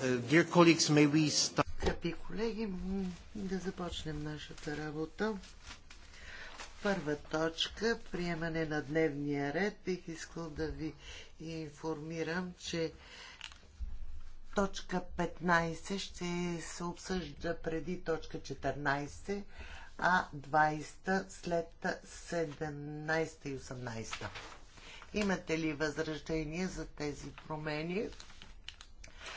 Dear colleagues, may we start? Скъпи колеги, да започнем нашата работа. Първа точка, приемане на дневния ред. Бих искал да ви информирам, че точка 15 ще се обсъжда преди точка 14, а 20 след 17 и 18. Имате ли възражения за тези промени?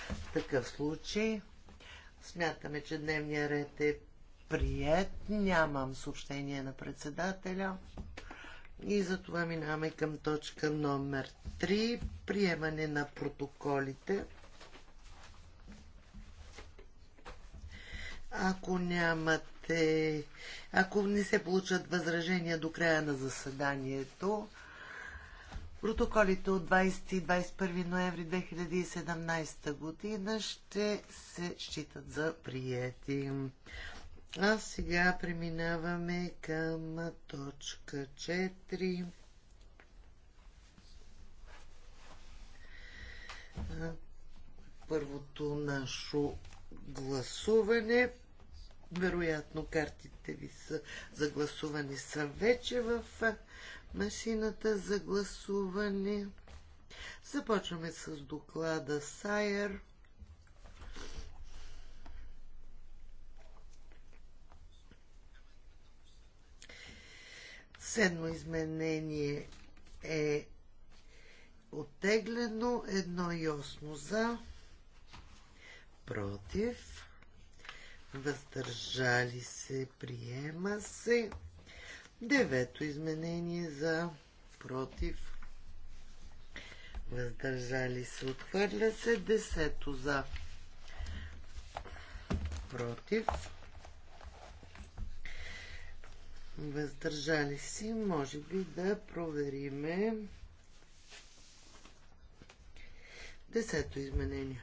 В такъв случай смятаме, че дневния ред е прият. Нямам съобщение на председателя. И затова минаваме към точка номер 3. Приемане на протоколите. Ако нямате... Ако не се получат възражения до края на заседанието, Протоколите от 20 и 21 ноември 2017 година ще се считат за приети. А сега преминаваме към точка 4. Първото нашо гласуване. Вероятно картите ви са за гласуване са вече в машината за гласуване. Започваме с доклада Сайер. Седмо изменение е оттеглено. Едно и осмо за. Против. Въздържали се. Приема се. Девето изменение за против. Въздържали се. Отхвърля се. Десето за против. Въздържали си. Може би да провериме десето изменение.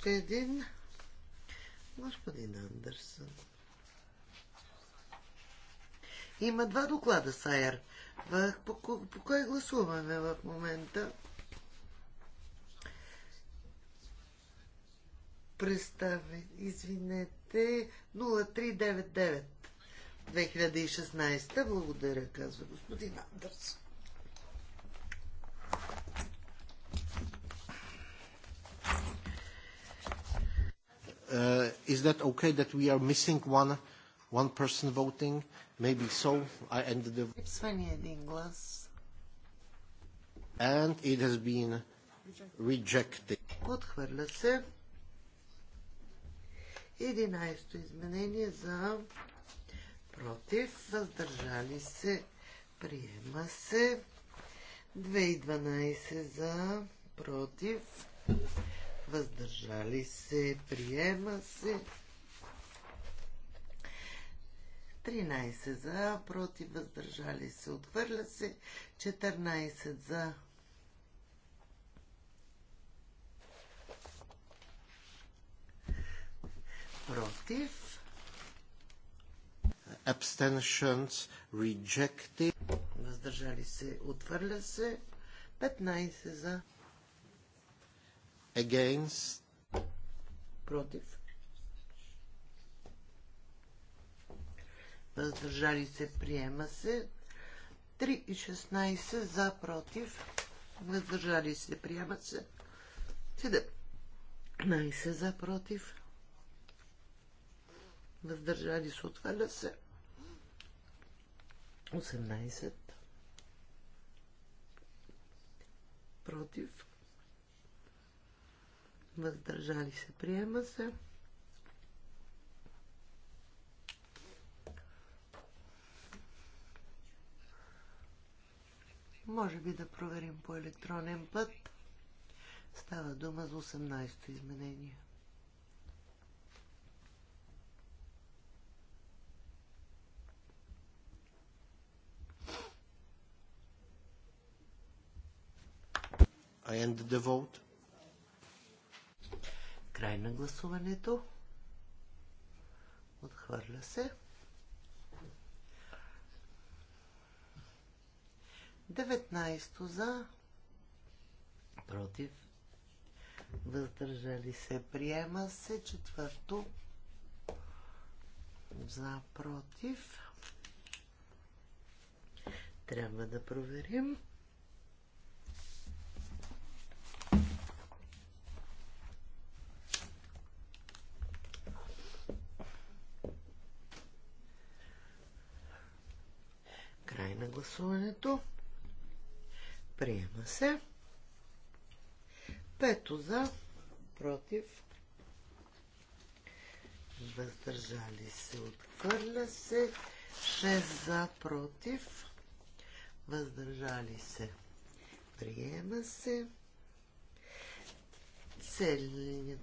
още един. Господин Андерсън. Има два доклада, Сайер. По, по, по кой гласуваме в момента? Представи, извинете, 0399 2016. Благодаря, казва господин Андерсън. Is that okay that we are missing one one person voting? Maybe so. I ended the. It's funny in English. And it has been rejected. Отхвърля се. 11-то изменение за против, въздържали се, приема се. 2012 за против, въздържали се, приема се. 13 за, против, въздържали се, отхвърля се. 14 за, против. Abstentions rejected. Въздържали се, отвърля се. 15 за. Against. Против. Въздържали се, приема се. 3 и 16 за, против. Въздържали се, приема се. 17 за, против. Въздържали се, отваля се. 18 против въздържали се, приема се. Може би да проверим по електронен път. Става дума за 18-то изменение. I end the vote. Край на гласуването. Отхвърля се. 19 за. Против. Въздържали се. Приема се. Четвърто. За. Против. Трябва да проверим. гласуването. Приема се. Пето за, против, въздържали се, отхвърля се. 6 за, против, въздържали се, приема се. Целият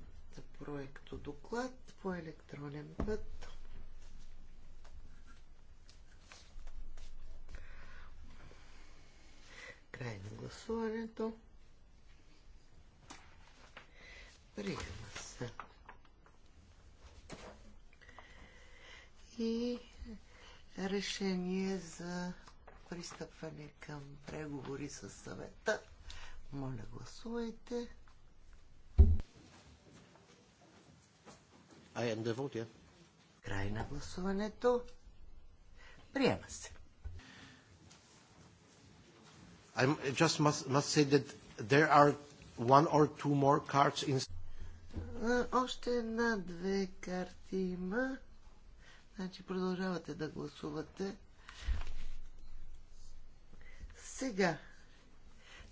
от доклад по електронен път. Край на гласуването. Приема се. И решение за пристъпване към преговори с съвета. Моля, гласувайте. I am the vote, yeah. Край на гласуването. Приема се. I just must, must say that there are one or two more cards in... Е, още една-две карти има. Значи продължавате да гласувате. Сега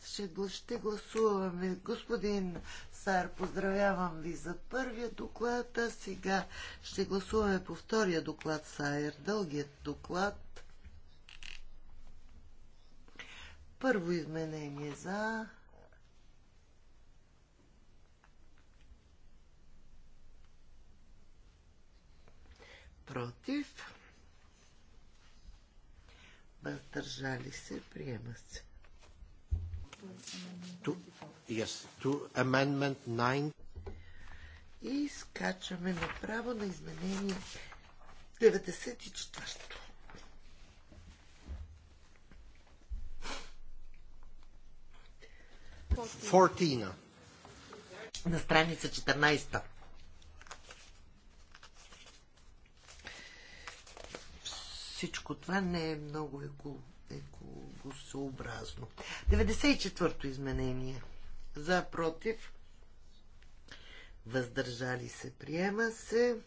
ще, ще гласуваме. Господин Сар, поздравявам ви за първия доклад, а сега ще гласуваме по втория доклад, Сайер, дългият доклад Първо изменение за... Против. Въздържали се. Приема се. To, yes, to amendment 9. И скачаме направо на изменение 94-то. 14. На страница 14. Всичко това не е много еко, 94-то изменение. За, против. Въздържали се, приема се.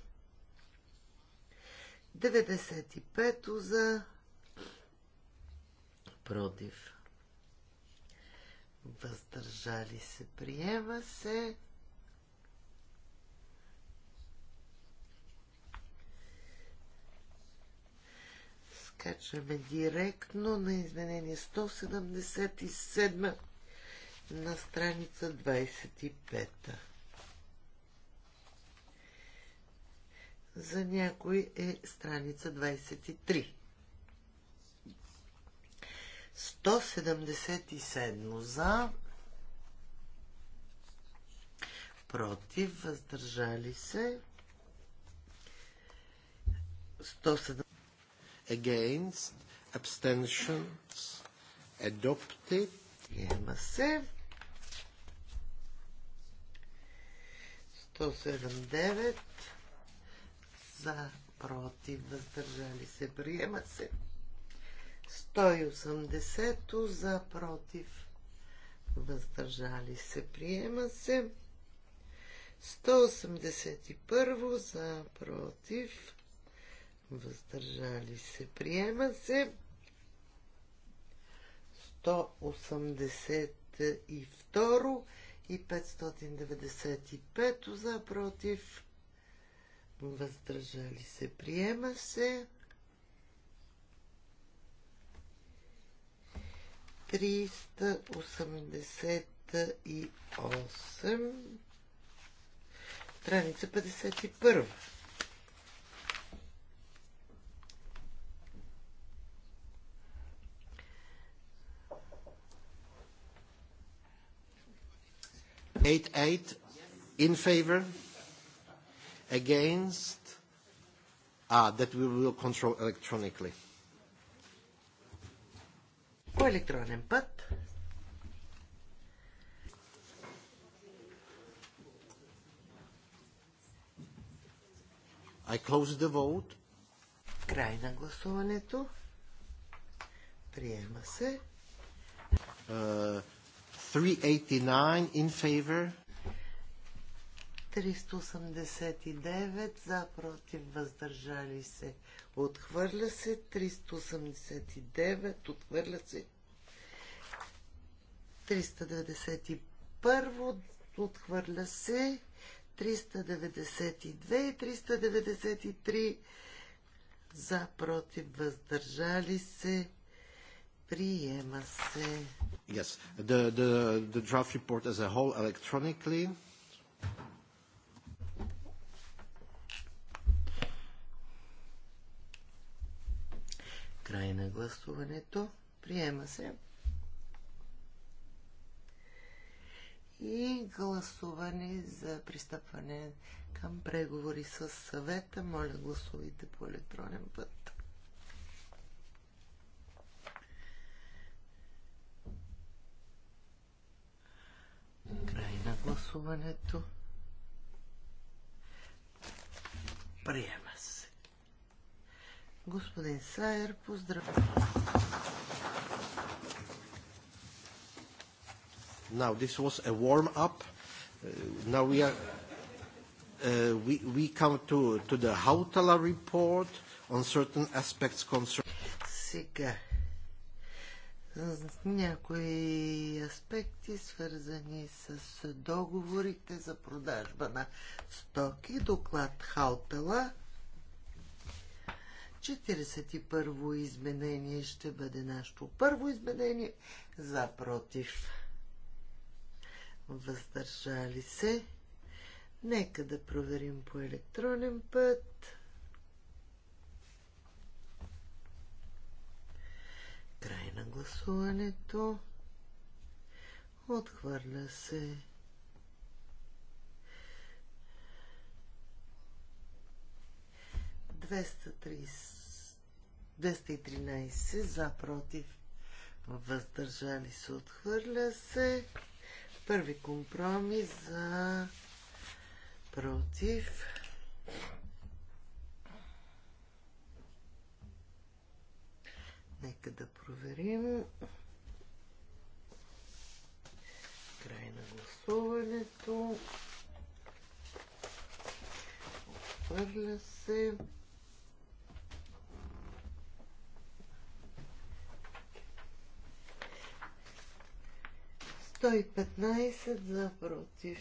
95-то за, против въздържали се, приема се. Скачаме директно на изменение 177 на страница 25. За някой е страница 23. 177 за, против, въздържали се. 107 against, abstentions, adopted. Приема се. 179 за, против, въздържали се. Приема се. 180 за против. Въздържали се. Приема се. 181 за против. Въздържали се. Приема се. 182 и 595 за против. Въздържали се. Приема се. 388 страница 51 Eight, eight in favor against ah that we will control electronically електронен път. I close the vote. Край на гласуването. Приема се. Uh, 389 in favor. 389 за против въздържали се. Отхвърля се 389, отхвърля се 391 отхвърля се. 392 и 393 за, против, въздържали се. Приема се. Yes. The, the, the draft report as a whole electronically. Край на гласуването. Приема се. и гласуване за пристъпване към преговори с съвета. Моля, гласувайте по електронен път. Край на гласуването. Приема се. Господин Сайер, поздравя. Now, this was a warm-up. Uh, now we are, uh, we come to the Hautala report on certain aspects concerning. Сега, някои аспекти, свързани с договорите за продажба на стоки. Доклад Хаутала. 41-во изменение ще бъде нашето първо изменение за против въздържали се. Нека да проверим по електронен път. Край на гласуването. Отхвърля се. Двеста 213 за против въздържали се отхвърля се Първи компромис за против. Нека да проверим. Край на гласуването. Отвърля се. 115 за против.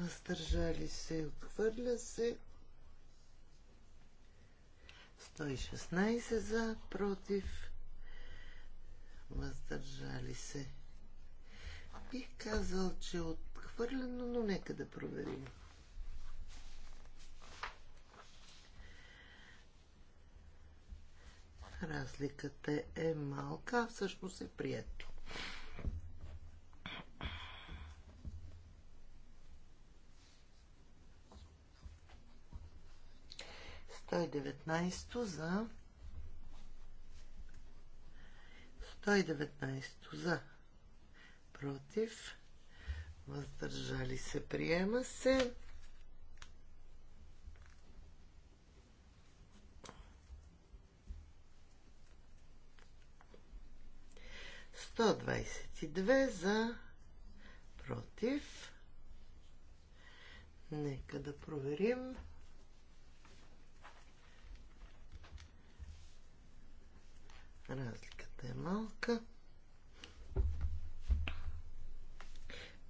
Въздържали се, отхвърля се. 116 за против. Въздържали се. Бих казал, че е отхвърлено, но нека да проверим. Разликата е малка, а всъщност е прието. 119 за 119 за против въздържали се приема се Сто двадесет и две за против. Нека да проверим. Разликата е малка.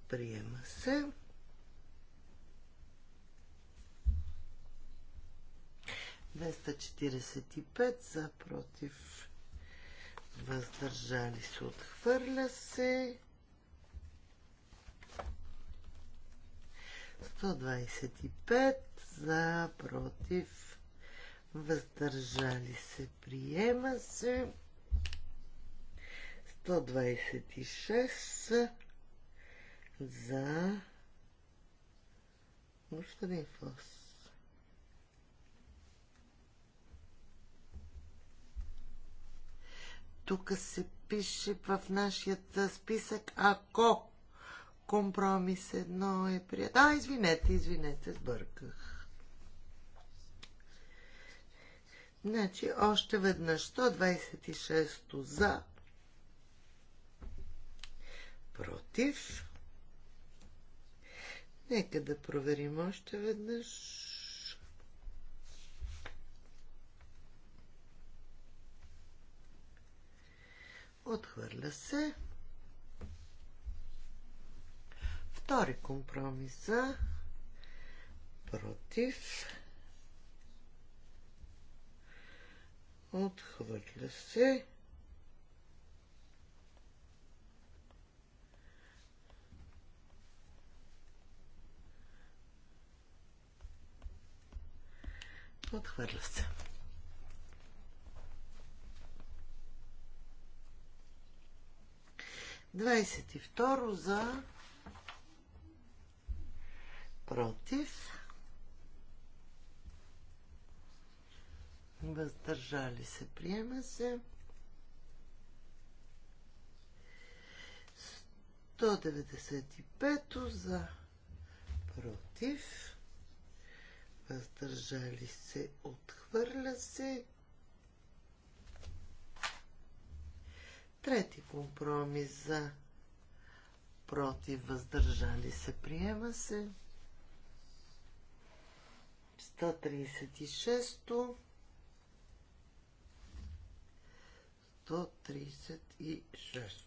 Приема се. Двеста четиридесет и пет за против въздържали се, отхвърля се. 125 за, против, въздържали се, приема се. 126 за господин Фос. Тук се пише в нашия списък, ако компромис едно е прият. А, извинете, извинете, сбърках. Значи, още веднъж 126 за против. Нека да проверим още веднъж. Отхвърля се. Втори компромиса. Против. Отхвърля се. Отхвърля се. Двадесет и второ за против. Въздържали се. Приема се. 195 за против въздържали се, отхвърля се. Трети компромис за против, въздържали се, приема се. 136-то 136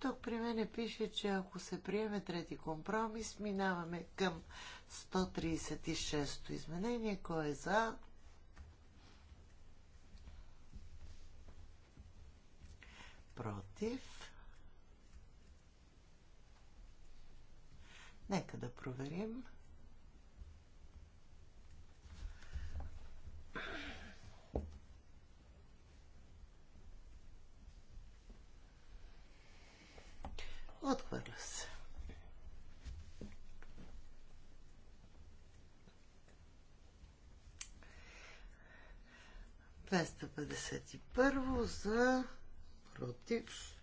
Тук при мене пише, че ако се приеме трети компромис, минаваме към 136-то изменение. Кой е за? Против. Нека да проверим. 136. Отхвърля се. Двеста първо за против.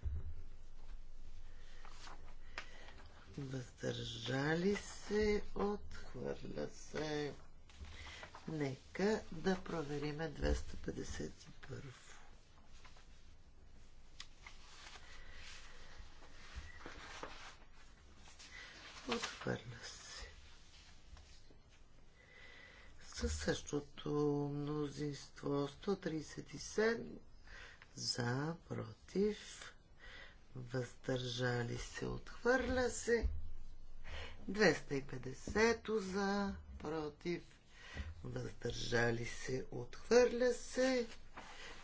Въздържали се, отхвърля се. Нека да провериме 251. Отхвърля се. Със същото мнозинство 137 за, против, въздържали се, отхвърля се. 250 за, против, въздържали се, отхвърля се.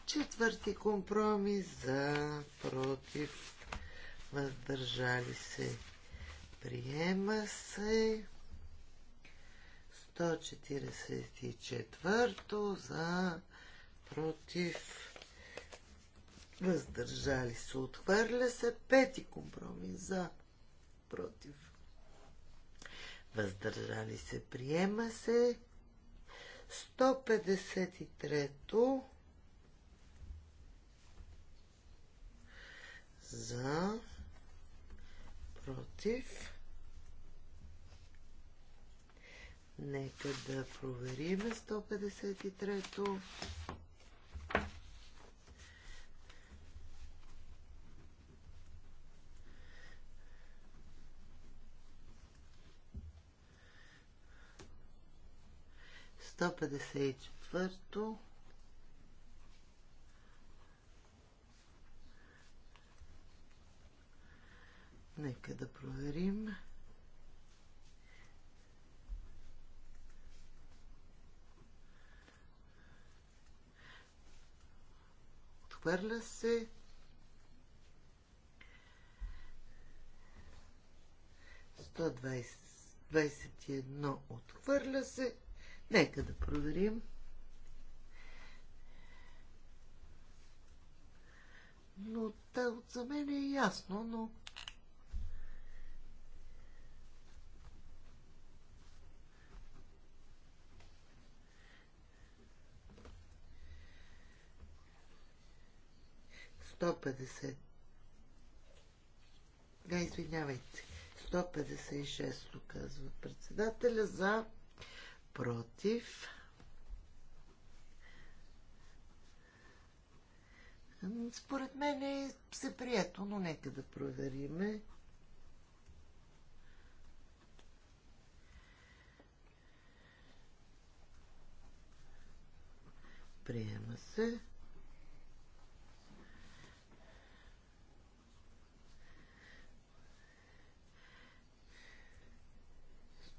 Четвърти компромис за, против, въздържали се, Приема се 144 за против въздържали се. Отхвърля се пети компромис за против. Въздържали се. Приема се 153-то за против Нека да проверим 153-то. Сто пятьдесят четвърто. Нека да проверим. Сто 154. Отхвърля се. Сто двадесет и едно. Отхвърля се. Нека да проверим. Но за мен е ясно, но 150. Да, извинявайте. 156 казва председателя за против. Според мен е се прието, но нека да провериме. Приема се.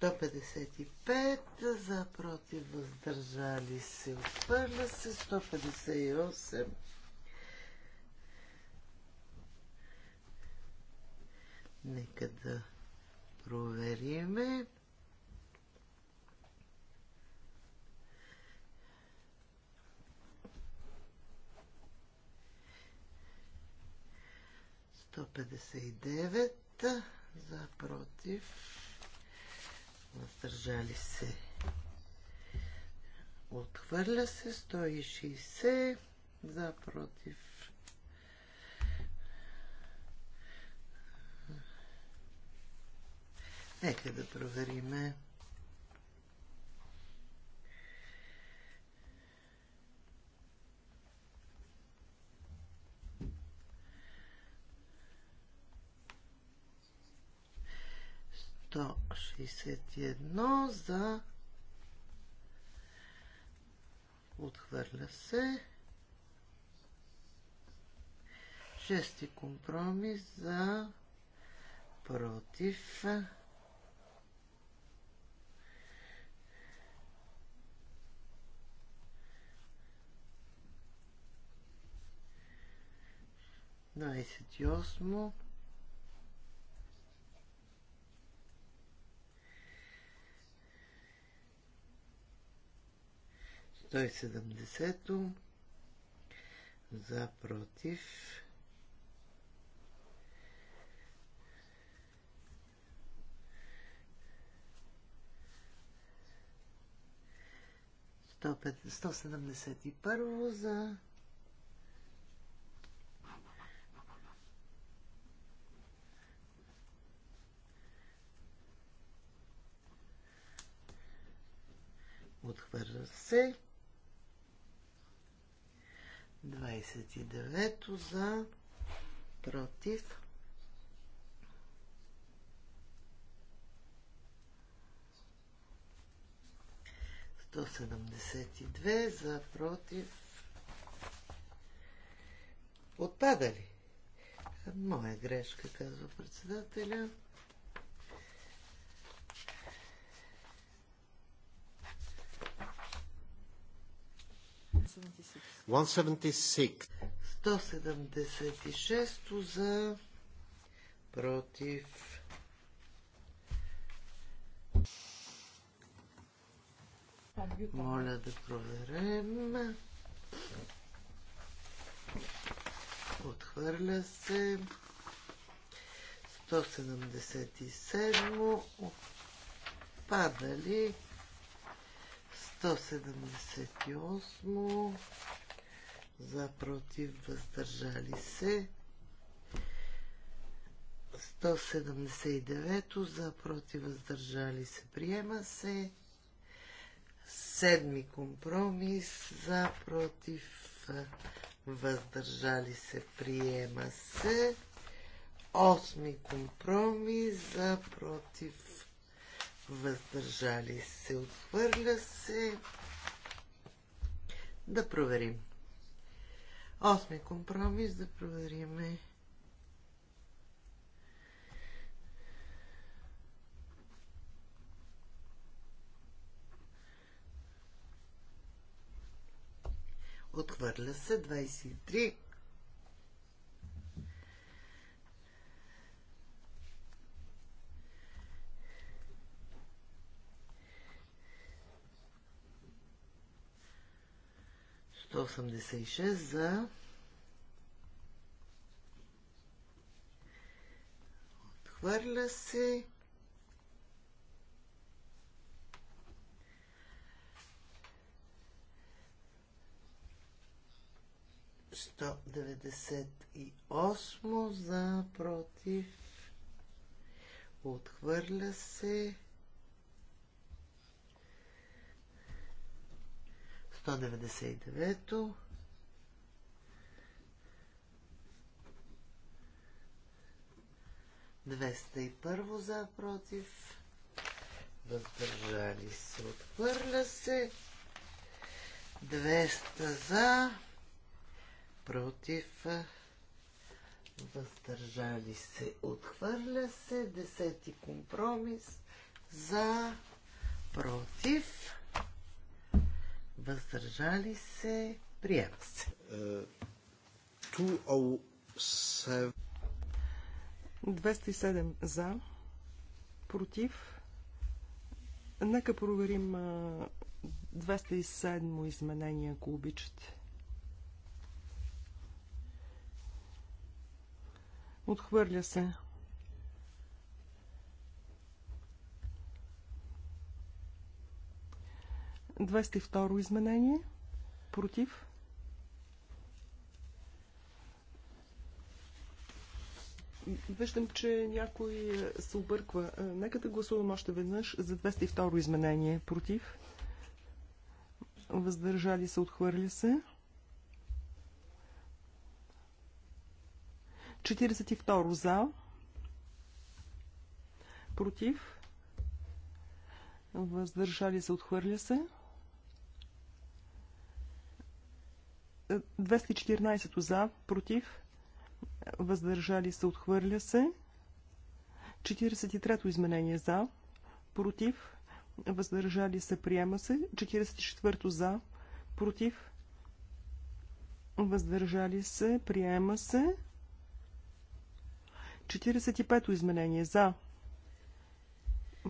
155 за против въздържали се отхвърля се 158 нека да провериме Сто и девет за против въздържали се. Отхвърля се 160 за против. Нека да провериме. 161 за отхвърля се. Шести компромис за против. Двадесет и осмо. 170 то за против сто седемдесет за Отхвърля се. 29 за, против. 172, за, против. Отпада ли? Моя грешка, казва председателя. 176. 176 за против. Моля да проверем. Отхвърля се. 177 отпада ли? 178 за против въздържали се 179 за против въздържали се приема се седми компромис за против въздържали се приема се осми компромис за против въздържали се, отхвърля се. Да проверим. Осми компромис, да провериме. Отхвърля се 23 286 за отхвърля се сто деветдесет и осмо за против отхвърля се 199-то. Двеста и първо за против. Въздържали се. Отхвърля се. 200 за. Против. Въздържали се. Отхвърля се. Десети компромис. За. Против въздържали се, приема се. 207 за, против. Нека проверим 207 изменение, ако обичате. Отхвърля се. 202 изменение. Против. Виждам, че някой е, се обърква. Е, нека да гласувам още веднъж за 202 изменение. Против. Въздържали се, отхвърля се. 42 за. Против. Въздържали се, отхвърля се. 214 за, против, въздържали се, отхвърля се. 43-то изменение за, против, въздържали се, приема се. 44-то за, против, въздържали се, приема се. 45-то изменение за,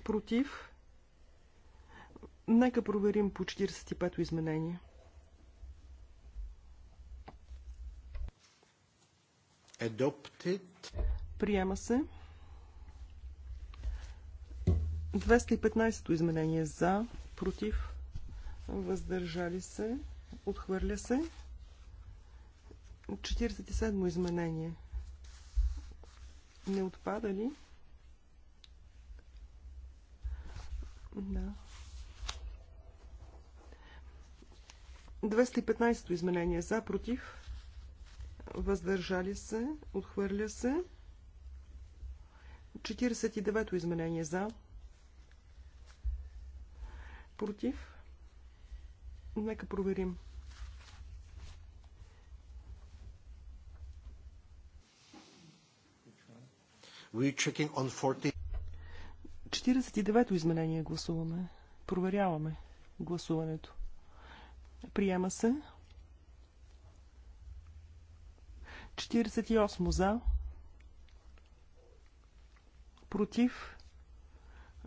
против. Нека проверим по 45-то изменение. Adopted. Приема се. 215-то изменение за, против, въздържали се, отхвърля се. 47-мо изменение. Не отпада ли? Да. 215-то изменение за, против, въздържали се, отхвърля се. 49-то изменение за, против. Нека проверим. checking on 49-то изменение гласуваме. Проверяваме гласуването. Приема се. 48 за, против,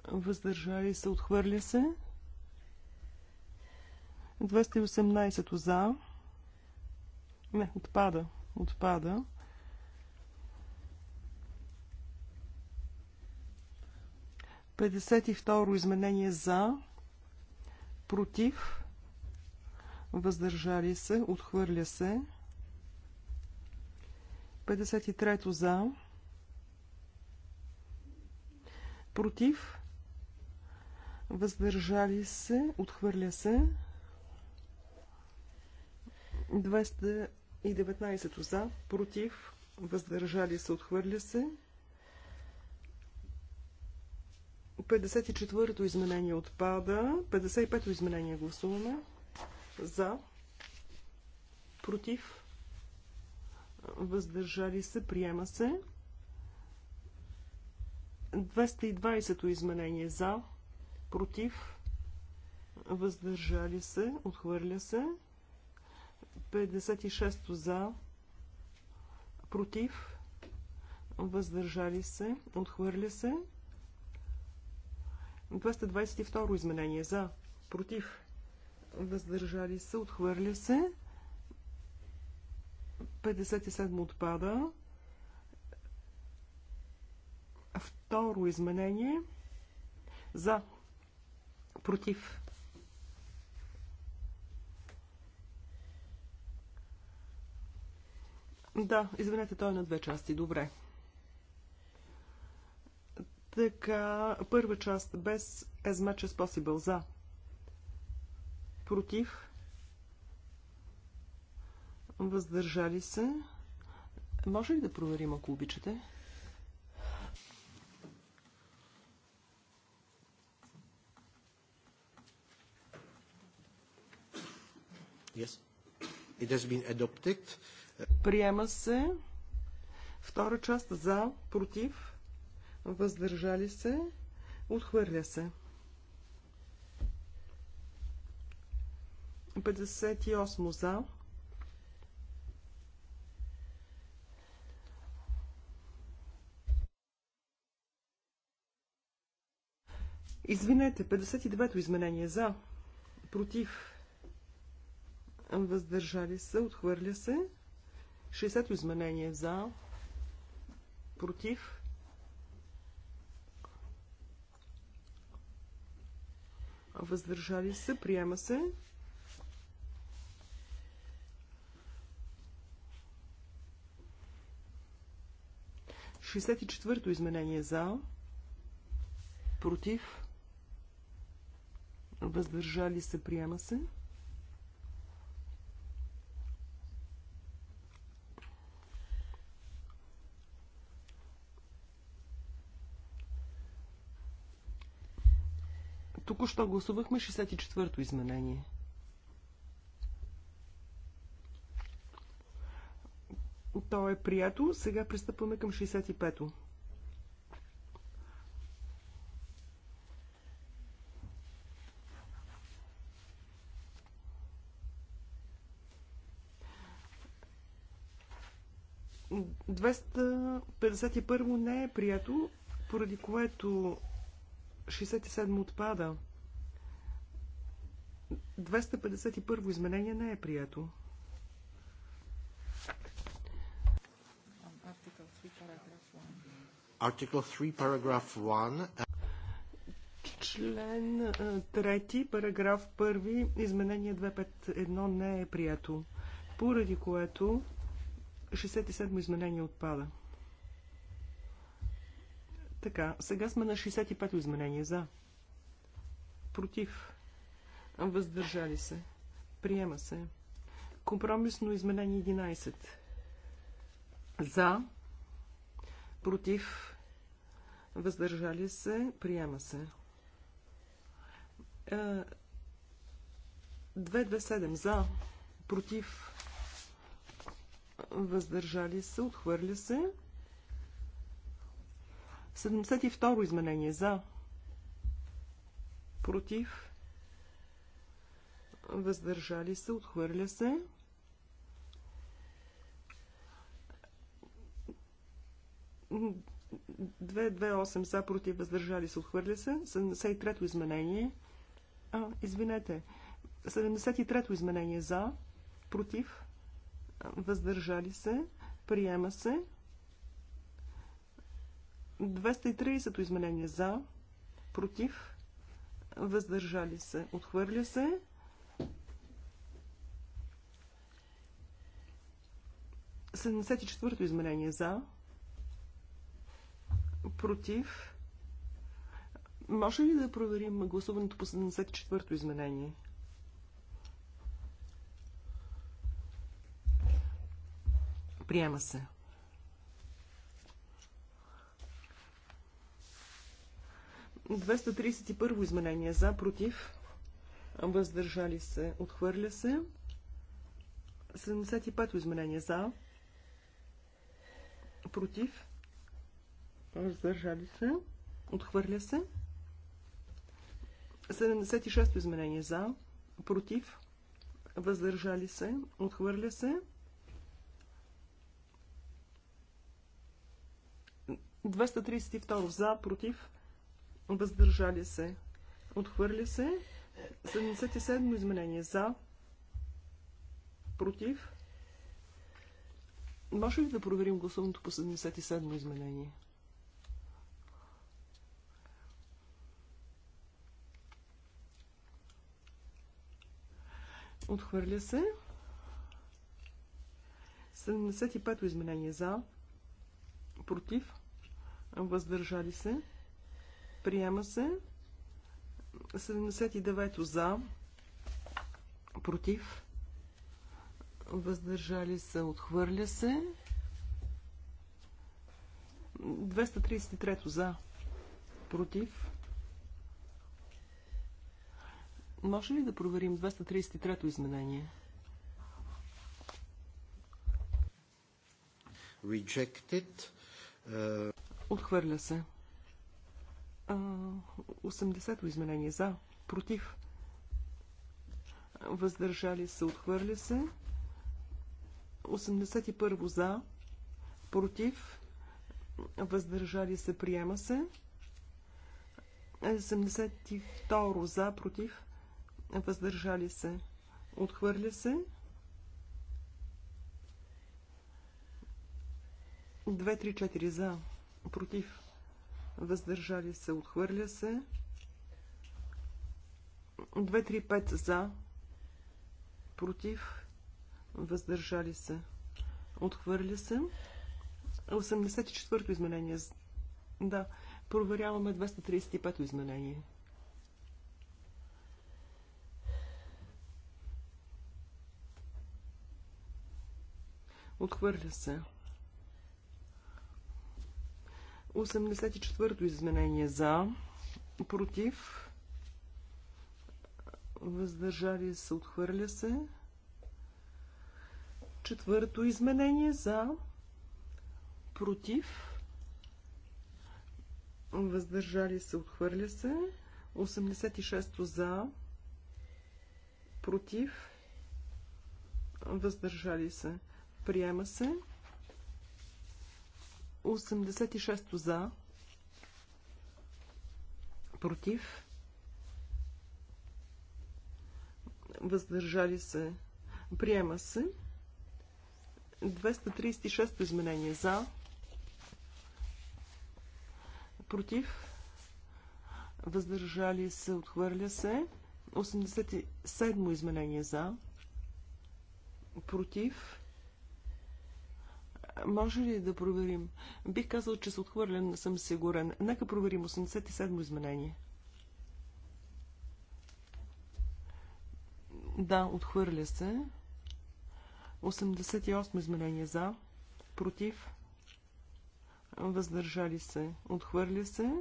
въздържали се, отхвърля се. 218 за. Не, отпада, отпада. Петдесет и второ изменение за, против, въздържали се, отхвърля се. 53-то за. Против. Въздържали се. Отхвърля се. 219 за. Против. Въздържали се. Отхвърля се. 54-то изменение отпада. 55-то изменение гласуваме. За. Против въздържали се, приема се. 220-то изменение за, против, въздържали се, отхвърля се. 56-то за, против, въздържали се, отхвърля се. 222 изменение за, против, въздържали се, отхвърля се. 57 отпада. Второ изменение за против. Да, извинете, той е на две части. Добре. Така, първа част без as much as possible за. Против въздържали се. Може ли да проверим, ако обичате? Yes. It has been adopted. Приема се. Втора част за, против, въздържали се, отхвърля се. 58 за, Извинете, 59-то изменение за, против, въздържали се, отхвърля се. 60-то изменение за, против, въздържали се, приема се. Шестдесет и четвърто изменение за, против, въздържали се, приема се. Току-що гласувахме 64-то изменение. То е прието. Сега пристъпваме към 65-то. 251 не е прието, поради което 67 отпада. 251 изменение не е прието. Article 3, параграф 1. Член 3, параграф 1, изменение 251 не е прието, поради което 67 изменение отпада. Така, сега сме на 65 изменение. За. Против. Въздържали се. Приема се. Компромисно изменение 11. За. Против. Въздържали се. Приема се. 227 е, за. Против въздържали се, отхвърля се. 72 изменение за, против, въздържали се, отхвърля се. Две, две, осем за, против, въздържали се, отхвърля се. 73-то изменение. А, извинете. 73-то изменение за, против, въздържали се, приема се. 230 изменение за, против, въздържали се, отхвърля се. Седемдесет четвърто изменение за, против. Може ли да проверим гласуването по 74 и изменение? измерение? Приема се. Двеста първо изменение за, против, въздържали се, отхвърля се. 75 изменение за, против, въздържали се, отхвърля се. 76 изменение за, против, въздържали се, отхвърля се. 232 за, против, въздържали се, отхвърли се. 77 изменение за, против. Може ли да проверим гласуването по 77 изменение? Отхвърля се. 75 изменение за, против въздържали се, приема се. 79 за, против, въздържали се, отхвърля се. 233 за, против. Може ли да проверим 233 изменение? Rejected. Uh... Отхвърля се. 80-то изменение за, против, въздържали се, отхвърля се. 81 за, против, въздържали се, приема се. 72 за, против, въздържали се, отхвърля се. 2-3-4 за, против, въздържали се, отхвърля се. 235 за, против, въздържали се, отхвърля се. 84-то изменение. Да, проверяваме 235-то изменение. Отхвърля се. 84-то изменение за, против, въздържали се, отхвърля се. Четвърто изменение за, против, въздържали се, отхвърля се. 86-то за, против, въздържали се, приема се. 86 за, против, въздържали се, приема се. 236 изменение за, против, въздържали се, отхвърля се. 87 изменение за, против, може ли да проверим? Бих казал, че се отхвърлен, съм сигурен. Нека проверим 87-мо изменение. Да, отхвърля се. 88 изменение за. Против. Въздържали се. Отхвърля се.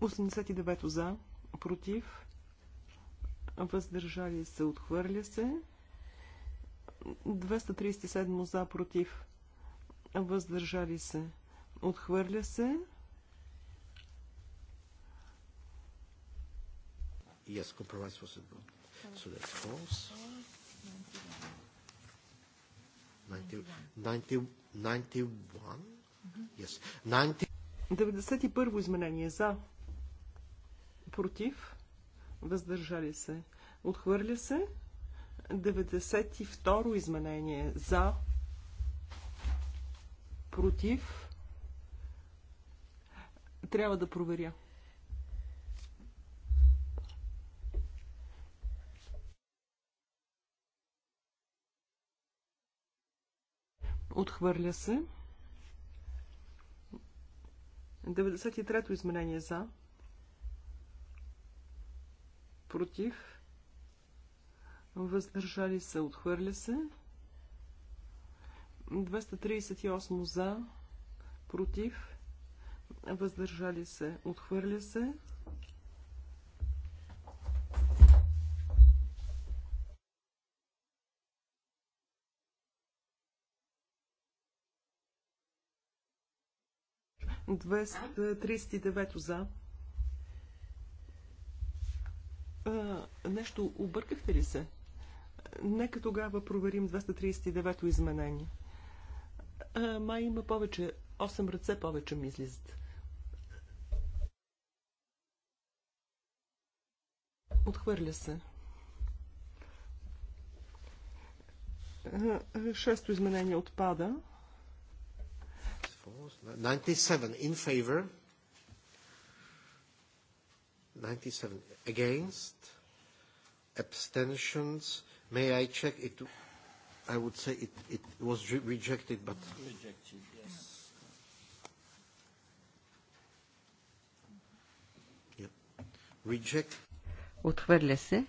89 за. Против. Въздържали се. Отхвърля се. 237 за против. Въздържали се. Отхвърля се. Yes, compromise was adopted. So that's false. 91? Yes. 91 изменение за против. Въздържали се. Отхвърля се. 92 изменение за, против. Трябва да проверя. Отхвърля се. 93-то изменение за. Против въздържали се, отхвърля се. 238 за, против, въздържали се, отхвърля се. Двест... 39 за. А, нещо объркахте ли се? Нека тогава проверим 239-то изменение. Май има повече. 8 ръце повече ми излизат. Отхвърля се. Шесто изменение отпада. 97 in favor. 97 against. Abstentions May I check it? I would say it, it was re rejected, but. Rejected, yes. Yeah. Reject. Отхвърля се.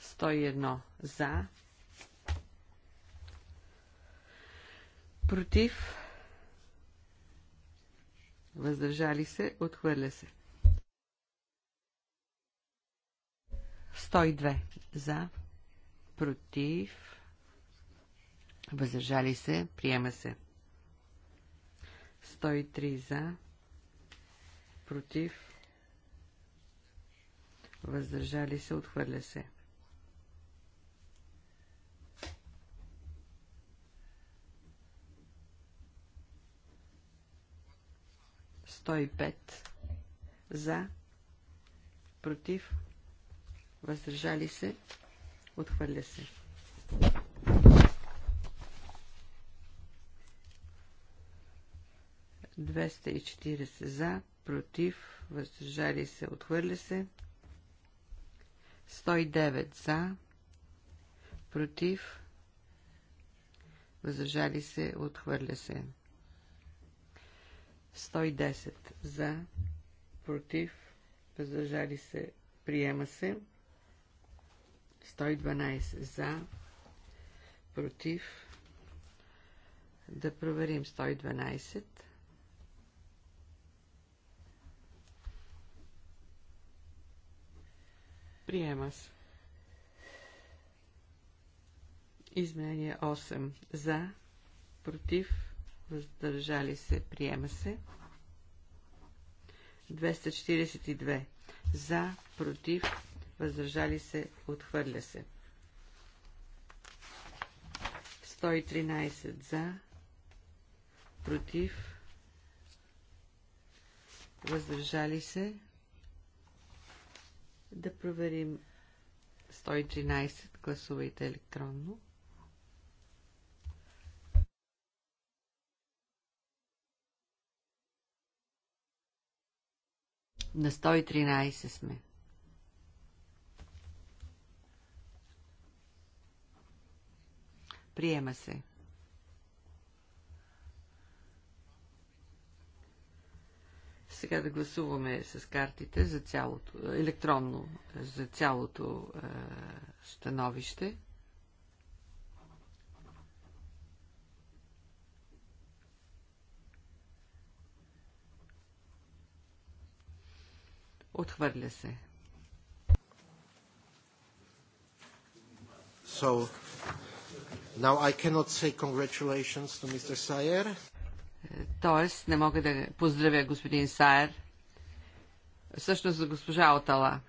Стои едно за. Против. Въздържали се. Отхвърля се. 102 за, против, въздържали се, приема се. 103 за, против, въздържали се, отхвърля се. Сто пет за, против, въздържали се, отхвърля се. Двеста и за, против, въздържали се, отхвърля се. 109 за, против, въздържали се, отхвърля се. 110 за, против, въздържали се, приема се. 112 за, против. Да проверим 112. Приема се. Изменение 8. За, против, въздържали се, приема се. 242. За, против, въздържали се, отхвърля се. 113 за, против, въздържали се. Да проверим 113, гласувайте електронно. На 113 сме. Приема се. Сега да гласуваме с картите за цялото, електронно, за цялото е, становище. Отхвърля се. So, Now I cannot say congratulations to Mr. Sayer. Тоест, не мога да поздравя господин Сайер. Всъщност за госпожа Отала.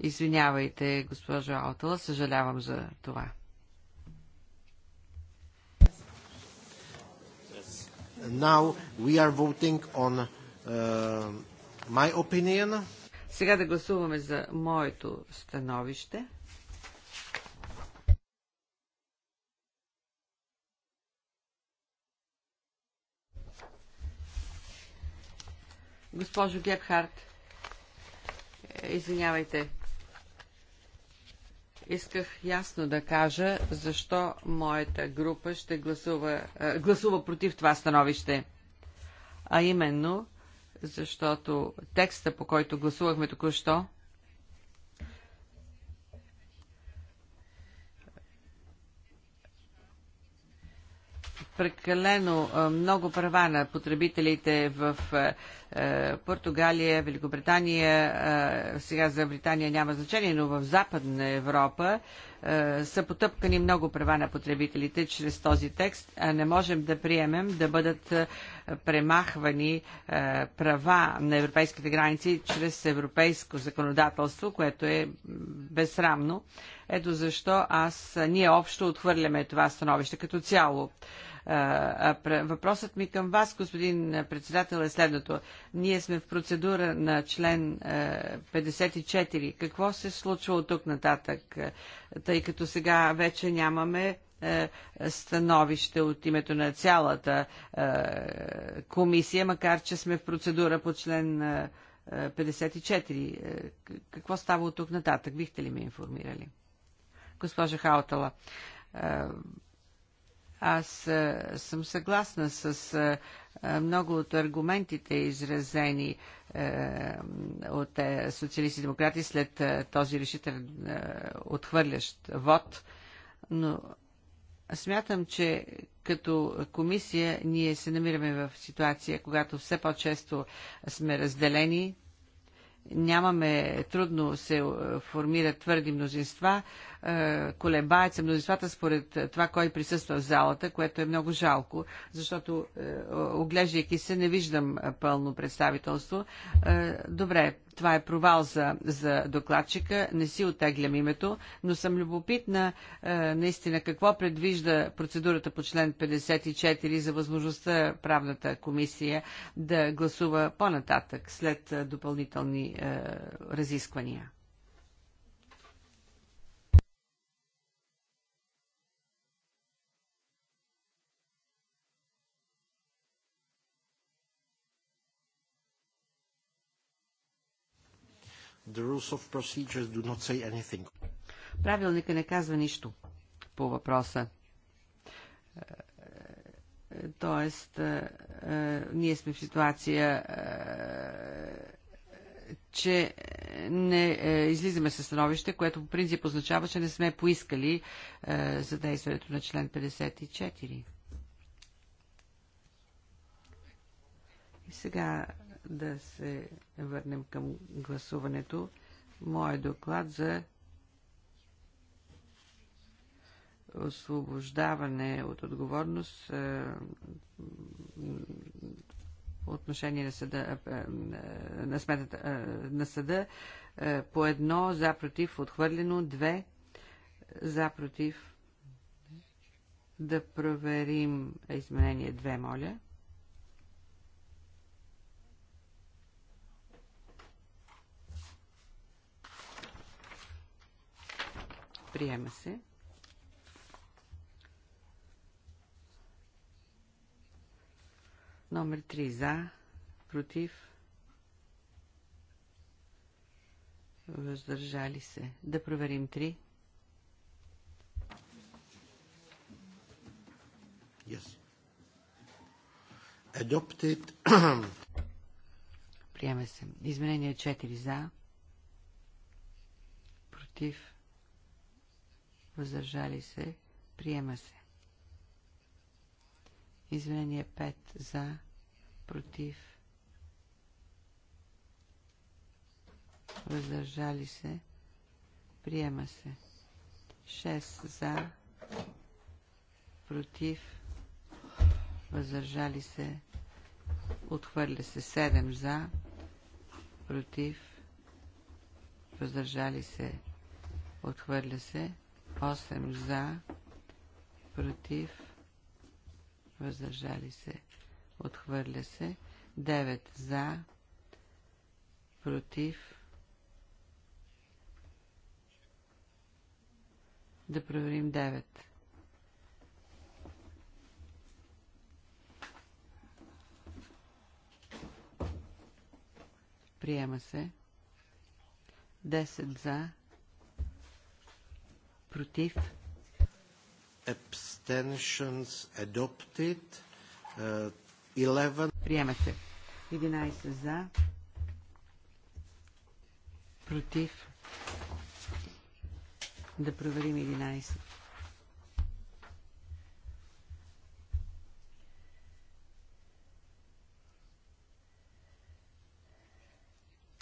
Извинявайте, госпожо Отала, съжалявам за това. Now we are voting on uh, my opinion. Сега да гласуваме за моето становище. Госпожо Гепхарт, е, извинявайте. Исках ясно да кажа, защо моята група ще гласува, е, гласува против това становище. А именно, защото текста, по който гласувахме току-що, прекалено много права на потребителите в Португалия, Великобритания, сега за Британия няма значение, но в Западна Европа са потъпкани много права на потребителите чрез този текст. Не можем да приемем да бъдат премахвани права на европейските граници чрез европейско законодателство, което е безсрамно. Ето защо аз, ние общо отхвърляме това становище като цяло. Въпросът ми към вас, господин председател, е следното. Ние сме в процедура на член 54. Е, какво се случва от тук нататък, е, тъй като сега вече нямаме е, становище от името на цялата комисия, макар че сме в процедура по член 54. Какво става от тук нататък? Бихте ли ме информирали? Госпожа Хаутала, аз е, съм съгласна с е, е, много от аргументите, изразени от социалисти демократи след този решителен отхвърлящ вод, но смятам, че като комисия ние се намираме в ситуация, когато все по-често сме разделени нямаме, трудно се е, формират твърди мнозинства, е, колебаят се мнозинствата според това, кой присъства в залата, което е много жалко, защото е, оглеждайки се не виждам пълно представителство. Добре, това е провал за, за докладчика. Не си отеглям името, но съм любопитна е, наистина какво предвижда процедурата по член 54 за възможността правната комисия да гласува по-нататък след е, допълнителни е, разисквания. The rules of procedures do not say anything. Правилника не казва нищо по въпроса. Тоест, е, е, ние сме в ситуация, е, че не излизаме със становище, което по принцип означава, че не сме поискали задействането на член 54. И сега да се върнем към гласуването. Мой доклад за освобождаване от отговорност е, по отношение на съда, е, е, на, сметата, на съда по едно за против отхвърлено, две за против да проверим изменение две, моля. Приема се. Номер 3 за, против, въздържали се. Да проверим 3. Yes. Adopted. Приема се. Изменение 4 за, против, въздържали се, приема се. Извинение 5 за, против, въздържали се, приема се. 6 за, против, въздържали се, отхвърля се 7 за, против, въздържали се, отхвърля се 8 за, против, въздържали се, отхвърля се. 9 за, против. Да проверим 9. Приема се. 10 за, против. Abstentions adopted. Uh, 11. Приема се. 11 за. Против. Да проверим 11.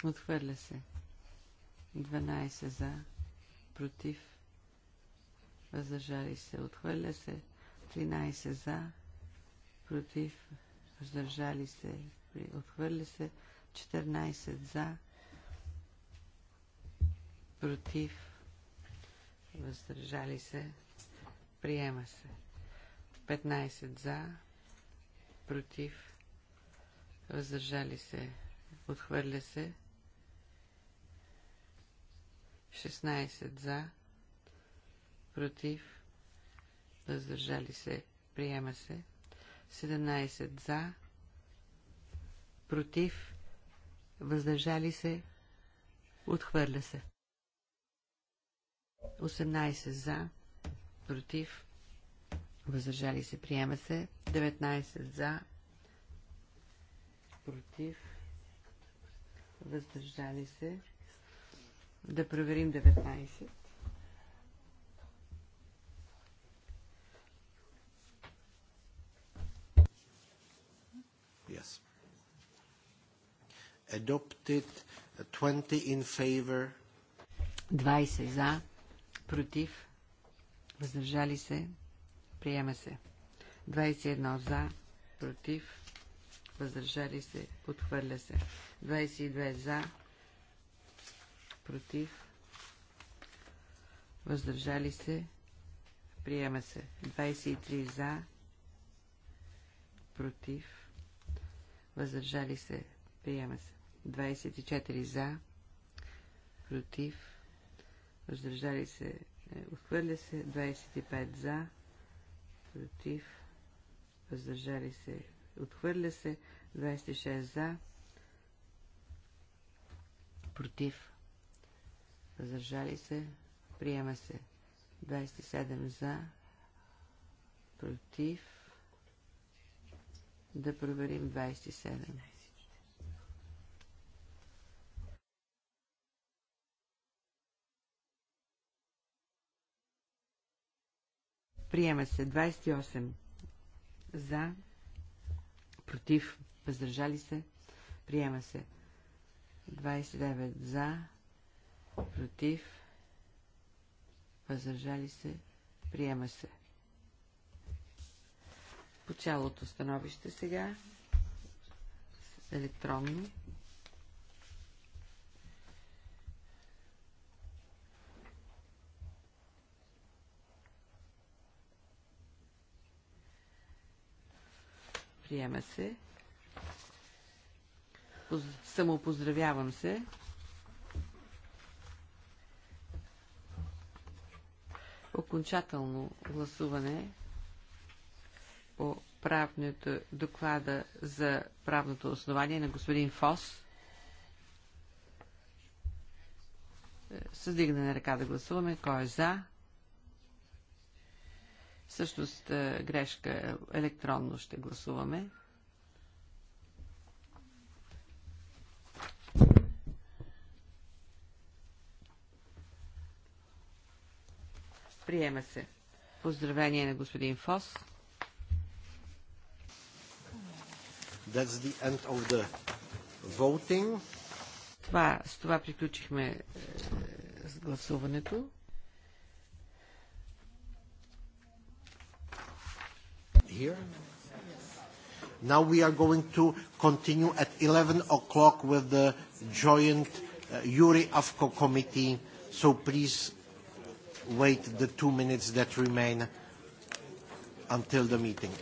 Отхвърля се. 12 за. Против въздържали се, отхвърля се. 13 за, против, въздържали се, отхвърля се. 14 за, против, въздържали се, приема се. 15 за, против, въздържали се, отхвърля се. 16 за, против, въздържали се, приема се. 17 за, против, въздържали се, отхвърля се. 18 за, против, въздържали се, приема се. 19 за, против, въздържали се. Да проверим 19. Yes. Adopted 20 uh, in favor. 20 за, против, въздържали се, приема се. 21 за, против, въздържали се, подхвърля се. 22 за, против, въздържали се, приема се. 23 за, против, въздържали се, приема се. 24 е, за, против, въздържали се, отхвърля се. 25 за, против, въздържали се, отхвърля се. 26 за, против, въздържали се, приема се. 27 за, против, да проверим 27. Приема се 28 за, против, въздържали се. Приема се 29 за, против, въздържали се. Приема се по цялото становище сега електронно. Приема се. Самопоздравявам се. Окончателно гласуване по правното доклада за правното основание на господин Фос. Е, Съдигна на ръка да гласуваме. Кой е за? Всъщност е, грешка електронно ще гласуваме. Приема се. Поздравление на господин Фос. That's the end of the voting. Това, с това приключихме е, с гласуването. Here? Now we are going to continue at 11 o'clock with the joint uh, Yuri-AFCO committee, so please wait the two minutes that remain until the meeting.